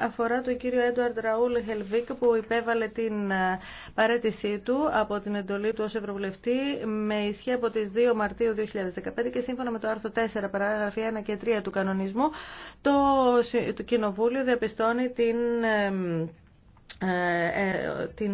αφορά τον κύριο Έντουαρντ Ραούλ Χελβίκ που υπέβαλε την ε, παρέτησή του από την εντολή του ως Ευρωβουλευτή με ισχύ από τις 2 Μαρτίου 2015 και σύμφωνα με το άρθρο 4 παράγραφη 1 και 3 του κανονισμού το, το Κοινοβούλιο διαπιστώνει την, ε, ε, την